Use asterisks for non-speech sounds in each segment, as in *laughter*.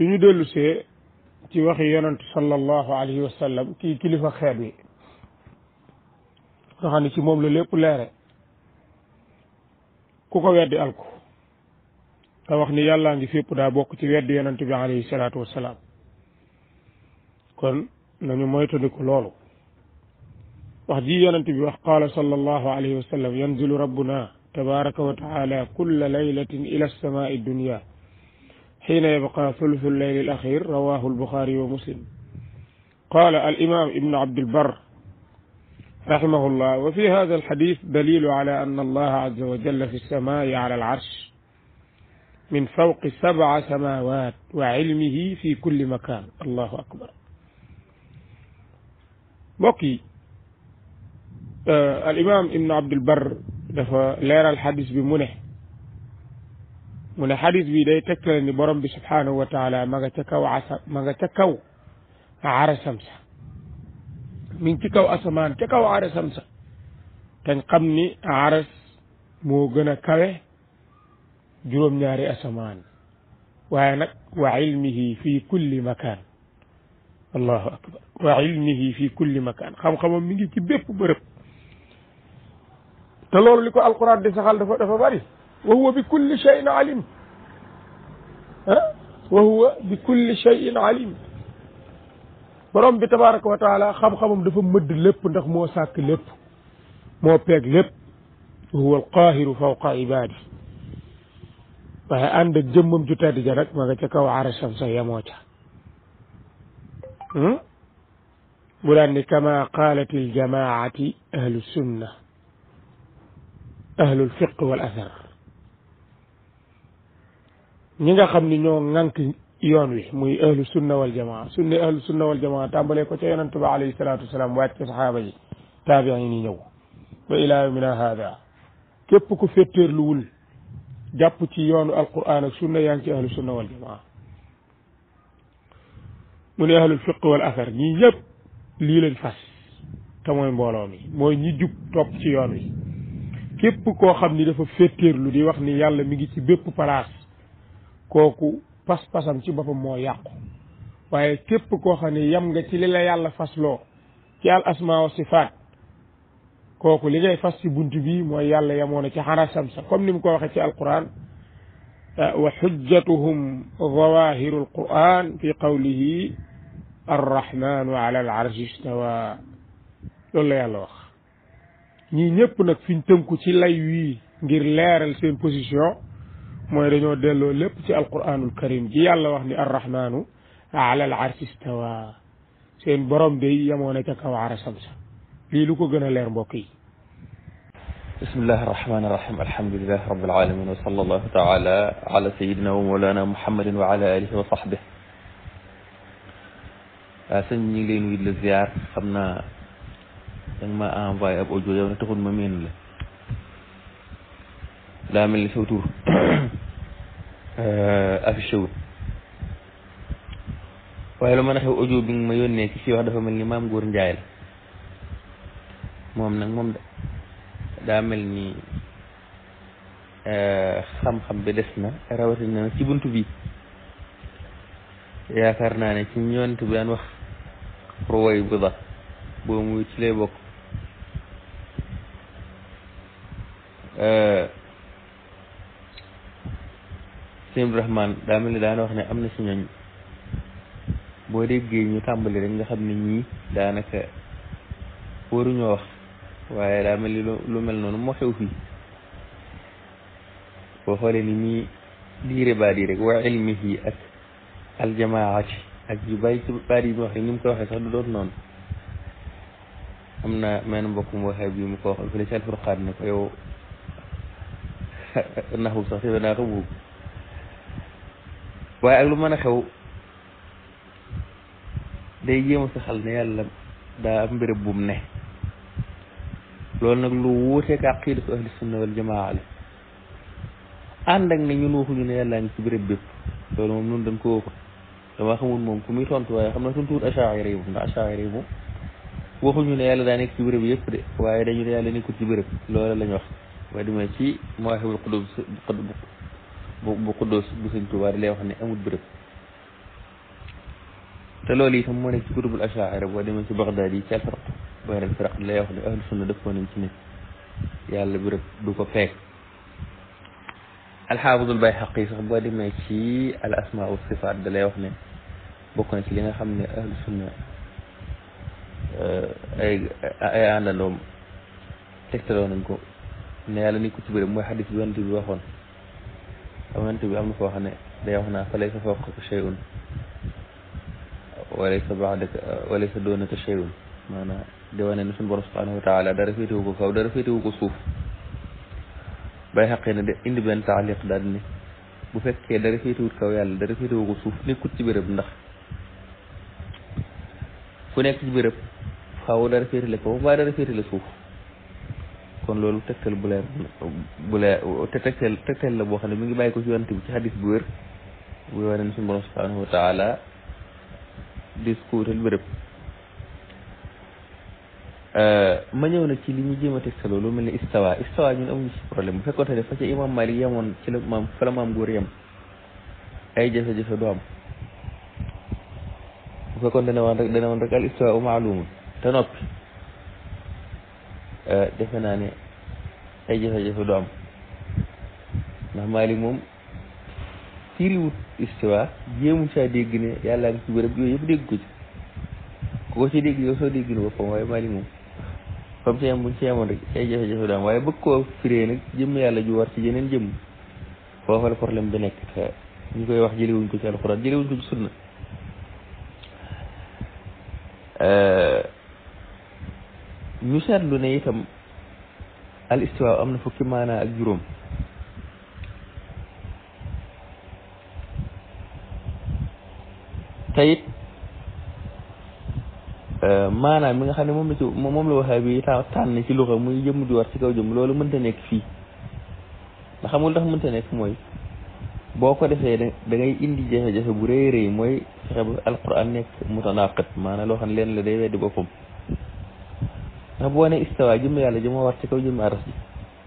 ñu dellusee ci waxi yonentu sallallahu alayhi wa kii kilifa xeet wi nga xam ci moom la lépp leere ku ko weddi alku te wax ni yàllaa ngi fépp daa bokk ci weddi yonent bi alayhi salaatu wasalaam kon nañu moytandiku loolu wax ji yonent bi wax qaala sallallahu alayhi wa sallam rabbuna tabaraka wa taala kulla laylatin ila alsamaai dunia xiina yabqa thuluthu llayli al axir rawahu albuxaari wa muslim qaala al imaam ibnu abdilbar rahimahu llah wa fi hada alxadis dalilu ala anna allaha azza wa jalla fi lsamaa'i ala alcarsh min fawqi sabca samaawaat wa cilmihi fi kulli makaan allahu akbar mbokk yi euh, al imaam ibnu abdilbar dafa leeral xadis bi mu ne mu ne xadis bi day tegtale ni borom bi subhaanahu wa taala ma nga ca kaw asa ma nga ca kaw arasam sa mi ngi ci kaw asamaan ca kaw arasam sa te xam ni aras moo gën a kawe juróom-ñaari waaye nag wa ilmihi fi kulli makaan allahu akbar wa ilmihi fi kulli makaan xam-xamam mi ngi ci bépp bërëb te loolu li ko alquran di saxal dafa bari wa huwa bi kulli cheyin alim ah wa huwa bi kulli cheyin alim borom bi tabaraka wa taala xam-xamam dafa mëdd lépp ndax moo sàkk lépp moo peeg lépp wa huwa alqaahiru fawqa ibaadi waaye ànd ak jëmmam ju tedd ja nag ma nga ca kaw arasam sa yemoo ca bu hmm? daan ni kama qaalat aljamaati ahlu sunna ahlu lfiq wal athar ñi nga xam ni ñoo ŋànk yoon wi muy ahlu sunna wal jamaa sunne ahlu sunna wal jamaa ko ca yonent ba alayhi salaatu saxaaba yi taabiin ñëw ba ilaa yawmina haada képp ku féttéerluwul jàpp ci yoonu alquran ak sunna yaa ngi ci ahlu sunna wal mu ne ahlul fiq wal athar ñii ñëpp lii lañ fas te mooy mbooloo mi mooy ñi jub topp ci yoon wi képp koo xam ni dafa féttéerlu di wax ni yàlla mi ngi ci bépp place kooku pas-pasam ci boppam moo yàqu waaye képp koo xam ne yem nga ci li la yàlla fasloo ci al asmaa wa sifaat kooku li ngay fas ci bunt bi mooy yàlla yemoon na ci xarasam sa comme ni mu ko waxee ci alquran wa xujjatuhum zawahiru alquran fi qawlihi arrahmanu ala al arshi istawa loolu la wax ñii ñëpp nag fiñ tënku ci lay wii ngir leeral seen position mooy dañoo delloo lépp ci alquranul karim ji yàlla wax ni arrahmanu ala al arsi stawa seen borom day yemoo na ca kaw arasam sa lii lu ko gën a leer mbokk yi bismillahi arrahmani irrahim alhamdulilahi rabbil alamin wa sallallahu taala ala sayidina wa mawlana muhammadin wa ala alihi wa sahbih waaw sëñ ñi ngi leen wit la ziar xam naa danga ma envoyé ab audio yow ne taxul ma meen la daa mel ni sa tur affiché wut waaye lu mën a xew audio bi nga ma yónnee ki si wax dafa mel ni maam góor njaay la moom nag moom daa mel ni xam-xam bi des na rawatina ci bunt bi yaakaar naa ne ci ñoonte bi daan wax ruway bu da boo muy ci lay bokk sëñ Abdourahmane daa mel ni daana wax ne am na si ñooñ boo déggee ñu tàmbali rek nga xam ne ñii daanaka waruñoo wax waaye daa mel ni lu mel noonu moo xew fii boo xoolee ni ñii diire baat yi rek wa ilmi yi ak aljamaati ak yu bàyyi ci yi mu wax rek ni mu ko waxee sax du doon noonu am na meen mbokk mu waxee bi mu ko waxal fële ci alfurqaan ne ko yow *laughs* naxu sax si naa ko buub waaye ak lu mën a xew day jéem sa xel ne yàlla daa am bërëb bu mu ne loolu nag lu wuuteeg aqidatu ahli sunna wal jamaa la ànd ak ne ñun waxuñu ne yàlla ngi ci bërëb bépp loolu moom nun dañ ko moom ku muy tontu waaye xam na tontuwut achaira yi moom ndax achaira yi waxuñu ne yàlla daa nekk ci béréb yëpp de waaye dañu ne yàlla nekkut ci béréb loolu lañ wax waaye dima ci mawaahibul qudus bu bu xuddoos bu sëñ Tuubaa lay wax ne amul bërëb te loolu itam moo nekk ci kutubul ashaira boo demee ci Bagdaad yi ci alfaraq bayna alfaraq di lay wax ne ahlu sunna def ci nit yàlla bërëb du ko peeg alxaafidul Bayhaqi sax boo demee ci al asmaa wa sifaat da wax ne bokk na ci li nga xam ne ahlu sunna eh, ay ay àndandoom tegtaloo nañ ko ne yàlla ni ko ci bërëb mooy xadis bi yonent bi waxoon amante bi am na foo xam ne day wax naa fa laysa fawqaka shay'un walaysa ba'daka walaysa dunaka shay'un maanaam de wane ne sun borom subhanahu wa taala dara féetewu ko kaw dara féetewu ko suuf bay xaqee ne de indi benn taaliq daal ni bu fekkee dara féetewut kaw yàlla dara féetewu ko suuf nekkut ci béréb ndax ku nekk ci béréb xaw dara féetale kaw mbaa dara féetale suuf kon loolu tegtal bu leer bu leer te tegtal la boo xam ne mu ngi bàyyi ko ci yonent bi ci xadis bu wér bu wane ne suñu borom subhanahu wa taala discours bërëb euh, ma ñëw nag ci li ñu jéem a tegtaloo lu mel ni istawa istawa ñun amuñu ci problème bu fekkoon ne fa ca ay jafe-jafe du am bu fekkoon u maalumun te noppi euh, defe naa ne ay jafe-jafe du ndax Maalik moom firiwut istiwa jéemu caa dégg ne yàlla ngi ci bërëb yooyu yëpp dégg ko ci ku ko ci dégg yow soo dégg ne boppam waaye Maalik moom fam ci yem buñ ci yemoon rek ay jafe-jafe du waaye bëgg koo firee nag jëm yàlla ju war ci yeneen jëmm foofa la problème bi nekk ñu koy wax jëliwuñ ko ci alxuraan jëliwuñ ko ci sunna euh, ñu seetlu ne itam al istiwa am na fukki maanaa ak juróom tayit euh, maanaam mi nga xam ne moom la ci moom la waxee bi ta tànn ci luxa muy jëmm di ci kaw jëmm loolu mënta nekk fii nga xamul tax mënta nekk mooy boo ko defee da ngay indi jafe-jafe bu rëy rëy mooy fexe ba alquran nekk mutanaqid maanaam loo xam ne leen la day weddi boppam ndax boo ne istawa jëmm yàlla ji moo war ci kaw jëmm aras ji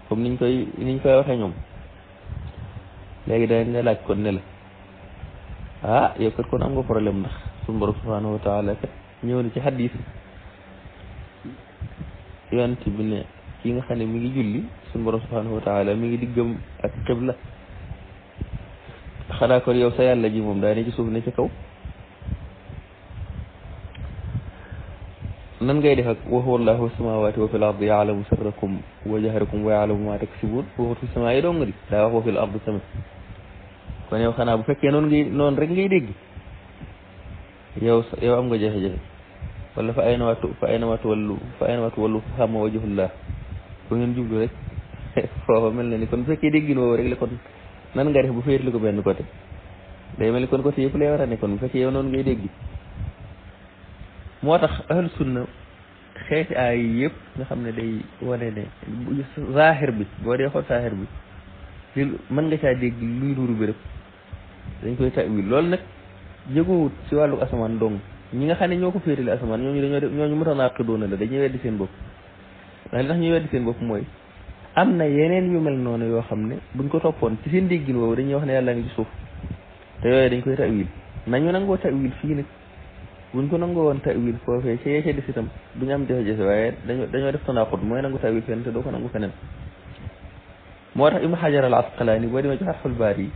comme niñ koy niñ koy waxee ñoom léegi dañ la laaj kon ne la ah yow kat kon am nga problème ndax suñu borom subhanahu wa taala kat ñëw na ci xadis bi ne ki nga xam ne mi ngi julli suñu borom subhanahu wa mi ngi diggam ak xibla xanaa kon yow sa yàlla ji moom daa ne ci suuf ne ci kaw nan ngay def ak wa huwa allahu fi samawati wa fil ardi yaalamu sirrakum wa jahrakum wa yaalamu ma taksibun waxut fi samaa yi doo nga di daa wax wa fil ardi tamit kon yow xanaa bu fekkee noonu ngay noonu rek ngay dégg yow yow am nga jafe-jafe wala fa ayna waatu fa ayna waatu wallu fa ayna waatu wallu fa xamma wajhullah bu ngeen jublu rek *laughs* foofa mel na ni kon bu fekkee déggin woowu rek la kon nan nga def bu féetli ko benn côté day mel ni kon côté yëpp lay war a ne kon bu fekkee yow noonu ngay dégg moo tax ahlu sunna xeeti ay yëpp nga xam ne day wane ne zaahir bi boo dee xool zaahir bi li mën nga caa dégg luy nuru bi rek dañ koy tawil loolu nag jëgoowut ci wàllu asamaan dong nga xam ne ñoo ko féetale asamaan ñooñu dañoo def ñooñu mutanaqidoona la dañuy weddi seen bopp ndax li tax seen bopp mooy am na yeneen yu mel noonu yoo xam ne buñ ko toppoon ci seen déggin woowu dañuy wax ne yàlla ngi ci suuf te yooyu dañ koy tawil nañu nangoo tawil fii nag buñ ko nangoo woon tawil foofee ca yee ca des itam duñu jafe-jafe waaye dañoo dañoo def tanaaxut mooy nangu tawil fenn te doo ko nangu feneen moo tax ibnu xajar al asqalaani boo demee ci xarxul baar yi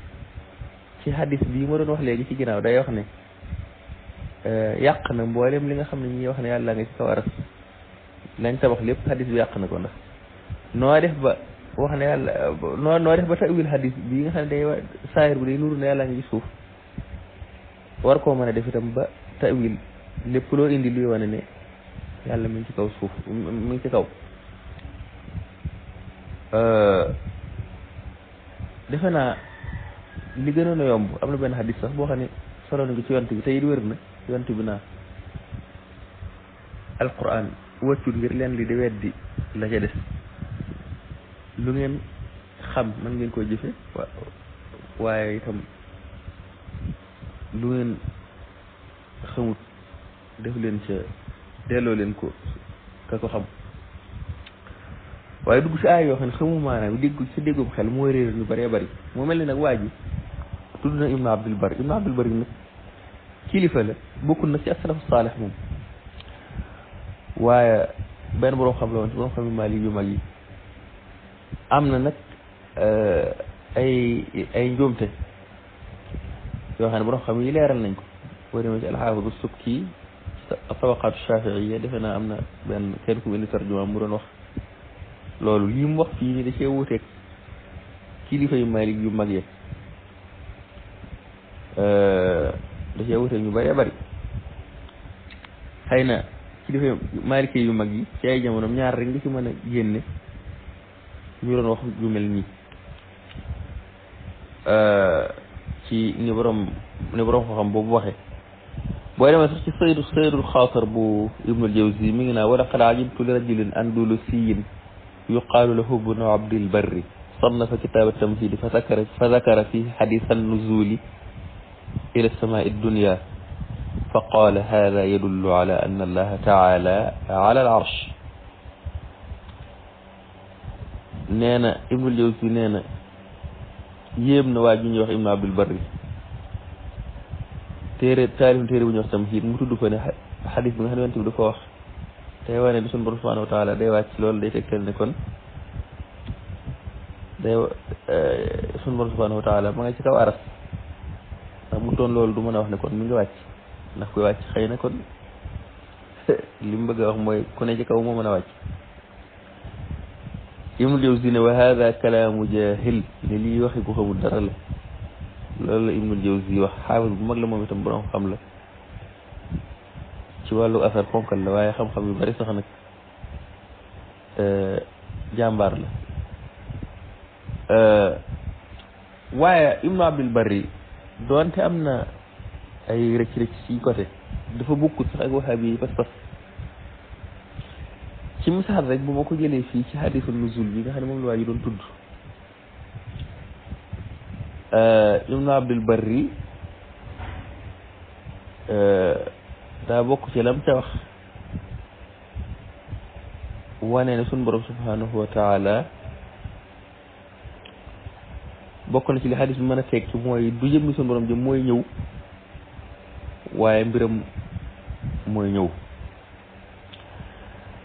ci hadis bii ma wax léegi ci ginnaaw day wax ne eh, yàq na mboolem li nga xam ne ñuy wax ne yàlla nga ci kaw aras lañ lépp hadis yàq na ko ndax noo def ba wax ne noo noo def ba tawil hadis bii nga xam ne day saayir bu day nuru na yàlla nga ci suuf war koo mën a def itam ba tawil lépp loo indi luy wane ne yàlla mi ngi ci kaw suuf mi ngi ci kaw defe naa li gënoon a yomb am na benn xadis sax boo xam ne solo na ko ci yont bi te it wér na yont bi naa alquran wàccul ngir leen li di weddi la ca des lu ngeen xam man ngeen koy jëfe waaye itam lu ngeen xamut def leen ca delloo leen ko ka ko xam waaye dugg si aay yoo xam ne xamu maanaam dégg sa déggum xel moo réer ñu bëree bëri moo mel ne nag waa ji tudd na Ibn Abdul Bar Ibn Abdul Bar kilifa la bokkul nag ci asalafu saalix moom waaye benn borom xam la woon ci borom xam maalik yu mag yi am na nag euh, ay ay njuumte yoo xam ne borom xam yi leeral nañ ko boo demee ci alxaafidu subki tabaqaatu shafiiya defe naa am na benn kenn ku benn tarjuma mu doon wax loolu lii mu wax fii nii da cee kilifa yu malik yu mag ya ñu bëree bëri xëy na kilifa yu yu mag yi ci ay jamonoom ñaar rek nga ci mën a génne ñu doon wax ju mel nii ci ni borom ni xam boobu waxee. booy demee sax ci sayru sayrul xaatar bu ibnul jawzi mi ngi naa wala qad ajibtu li rajulin andalusiyin yuqaalu lahu bnu abdil barri صنف كتاب التمهيد فذكر فذكر فيه حديث النزول إلى السماء الدنيا فقال هذا يدل على أن الله تعالى على العرش nee na Ibnul Jawzi nee na yéem na waa ji ñuy wax Ibn Abdul Barri téere taalif téere bu ñu wax tamxiid mu tudd ko ne xadis bi nga xam ne yonent bi dafa wax tey wane ne sunu borom subhanahu wa day wàcc loolu day tegtal ne kon day sunu borom subhanahu wa eh, ci kaw aras ndax mu doon loolu du mën a wax ne kon mi ngi wàcc ndax kuy wàcc xëy na kon *laughs* li mu bëgg a wax mooy ku ne ci kaw moo mën a wàcc Ibnul Jawzi ne wa haada kalaamu jaahil ne lii waxi ku xamul dara la loolu la Ibnul Jawzi wax xaafis bu mag la moom itam borom xam la ci wàllu affaire ponkal la waaye xam-xam yu bari sax nag euh, jàmbaar la euh, waaye Ibnu Abdul bari doonte am na ay rëcc-rëcc ci côté dafa bokkut sax ak waxaab yi pas-pas ci misaal rek bu ma ko jëlee fii ci lu nuzul bi nga xam ne moom la waa ji doon tudd Euh, Ibn Abdul Barri euh, daa bokk ci lam ca wax wane ne sunu borom subhanahu wa taala bokk na ci li xadis bi mën a tekki mooy du jëmmi sunu borom jëm mooy ñëw waaye mbiram mooy ñëw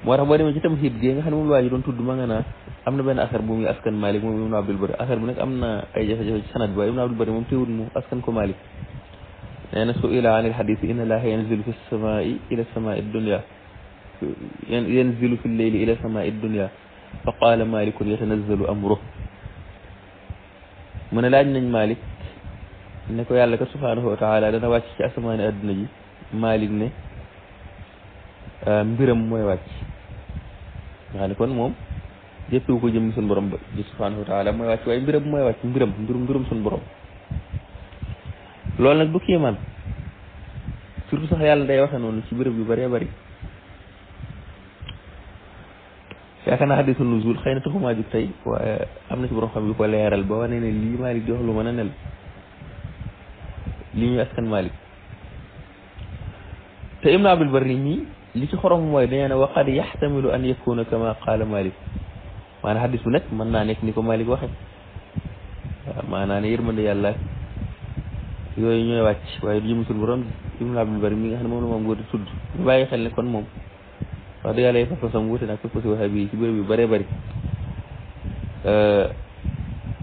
moo tax boo demee ci tamxiit gi nga xam ne moom waa ji doon tudd ma nga naa am na benn asar bu muy askan Malik moom Ibn Abdul Bari asar bi nag am na ay jafe-jafe ci sanad bi waaye Ibn Abdul Bari moom teewul mu askan ko Malik nee na su ila an il xadis inna allaha yanzilu fi samai ila samai dunya yanzilu fi lleyli ila samai dunya fa qaala malikun yatanazzalu amruh mu ne laaj nañ Malik ne ko yàlla ka subhanahu wa taala dana wàcc ci asamaani adduna ji Malik ne ah, mbiram mooy wàcc nga xam ne kon moom jëppewu ko jëm suñu borom ba ji subhanahu wa taala mooy wàcc waaye mbiram mooy wàcc mbiram mbirum mbirum suñu borom loolu nag du kiiman surtout sax yàlla day waxe noonu ci béréb yu bëree bëri yaakaar naa xadisul nuzul xëy na taxumaa jug tey waaye am na ci borom xam yu ko leeral ba wane ne lii Malick di wax lu mën a nel lii ñuy askan Malick te Ibn Abdul Barri ñii li ci xorom mooy dañee ne wa qad yaxtamilu an yakuna kama qaala Malick maanaam xadis bu nekk mën naa nekk ni ko Malick waxe waaw maanaa ne yërmande yàlla yooyu ñooy wàcc waaye du jëmasul borom ibnu abdul bari mi nga xam ne moom la moom góor di tudd ñu bàyyi xel ne kon moom wuute nag fekk si waxe bi ci bërëb yu bëree bëri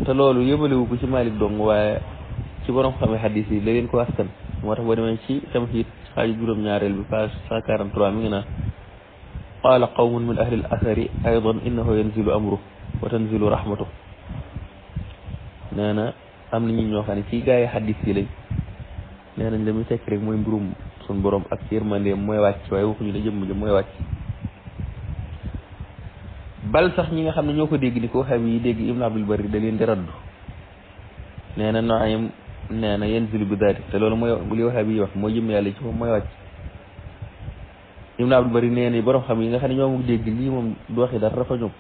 te loolu yëbalewu ko ci Malick dong waaye ci borom xame xadis yi la leen ko askan moo tax boo demee ci tamit xaaju juróom-ñaareel bi page cent quarante-trois mi ngi naan qaala qawmun min ahli al-athari aydan innahu yanzilu amru wa tanzilu rahmatu nee na am na ñi ñoo xam ne ci gaa yi xaddis yi lañ nee nañ la muy tekk rek mooy mbirum suñ borom ak ma yërmandeem mooy wàcc waaye waxuñu la jëmm jëm mooy wàcc bal sax ñi nga xam ne ñoo ko dégg di ko xam yi dégg Ibn Abdul Bari da leen di raddu nee na Nuaym nee na yanzilu bi daalik te loolu mooy li waxa bi wax mooy jëm yàlla ci moom mooy wàcc Ibn Abdul Bari neen na borom xam yi nga xam ne ñoo mu dégg lii moom du waxi dara dafa ñoom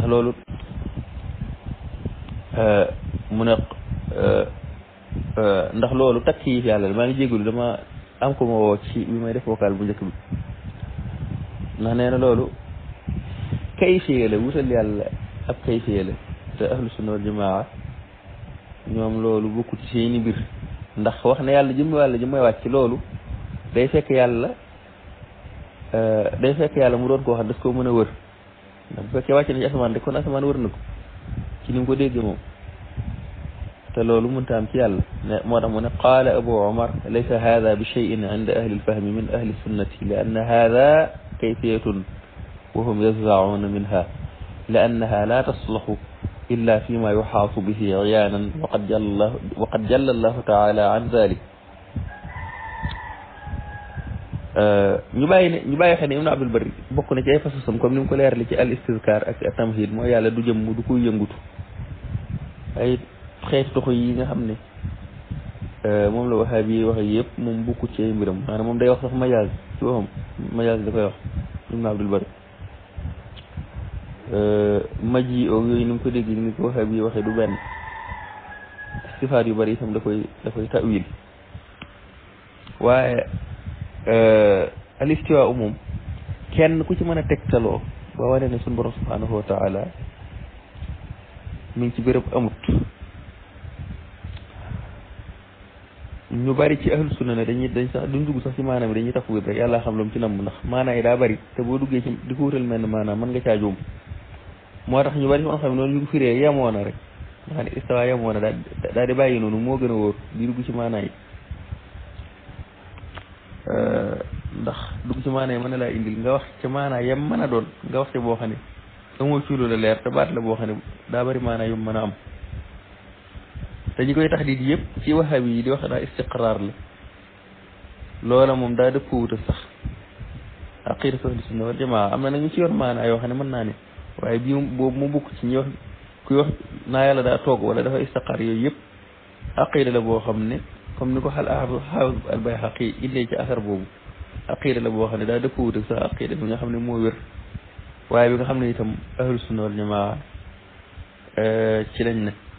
ndax loolu eh, mu ne eh, eh, ndax loolu takk yi yàlla maa ngi jégalu dama am ko ma woo ci bi may def vocal bu njëkk bi ndax nee na loolu kayfiye la wutal yàlla ab kayfiye la te ahlu sunna wal jamaa ñoom loolu bokkut ci seeni mbir ndax wax ne yàlla jëm wàlla jëm may wàcc loolu day fekk yàlla euh, day fekk yàlla mu doon koo xam daf koo mën a wër ndax bu fekkee wàcc na ci asamaan rek kon asamaan wër na ko ci ni mu ko déggee moom te loolu mënta am ci yàlla moo tax mu ne qaala abu omar laysa hada bi cheyin inda ahli lfahmi min ahli sunnati li anna hada kayfiyatun wa hum yazrauuna minha li annaha la taslahu illa fi ma yuxaasu bihi iyaanan waqad jalla allahu taala an dalik Euh, ñu bàyyi ne ñu bàyyi xel ne Ibnu Abdul Bari bokk na ci ay fasusam comme ni mu ko leerali ci al istizkar ak at mooy yàlla du jëmm du koy yëngutu ay xeeti toxo yi nga xam ne euh, moom la waxaa bi waxe yëpp moom bukku ci ay mbiram moom day wax sax majaaz ci da koy wax Ibnu Abdul Bari euh, maji oog yooyu ko dégg ni ko waxee bi waxee yu bari itam da koy da koy tawil waaye Euh, al istiwa umum kenn ku ci mën a tegtaloo ba wane ne suñu borom subhanahu wa taala mi ngi ci béréb amut ñu bari ci ahlu sunna ne dañuy dañ sax duñ dugg sax ci maanaam dañuy tax wér yàlla xam lu mu ci namm ndax maanaa yi daa bari te boo duggee ci di ko wutal mel ne maanaam man nga caa moo tax ñu bari ci xam ne noonu ñu ko firee yemoo rek nga xam ne istawa daa di bàyyi noonu moo gën a wóor di dugg ci maanaa yi dugg ci maana yi mën na laa indil nga wax ca maanaa yam mën doon nga wax ca boo xam ne amoo ci lu la leer te baat la boo xam ne daa bari maana yu mën a am te ñi koy tax di yëpp ci wahabi yi di wax daa istiqraar la loola moom daa dëppwuta sax aqida ahlu sunna wal am na ñu ci yor maana yoo xam ne mën naa ne waaye bi boobu mu bukk ci ñi wax kuy wax naa yàlla daa toog wala dafa istiqraar yooyu yëpp aqida boo xam ne comme ni ko xal xaafis albayhaqi indee ci asar boobu aqida la boo xam ne daa dëpp wut ak sa aqida nga xam ne moo wér waaye bi nga xam ne itam ahlu sunna wal jamaa eh, ci lañ ne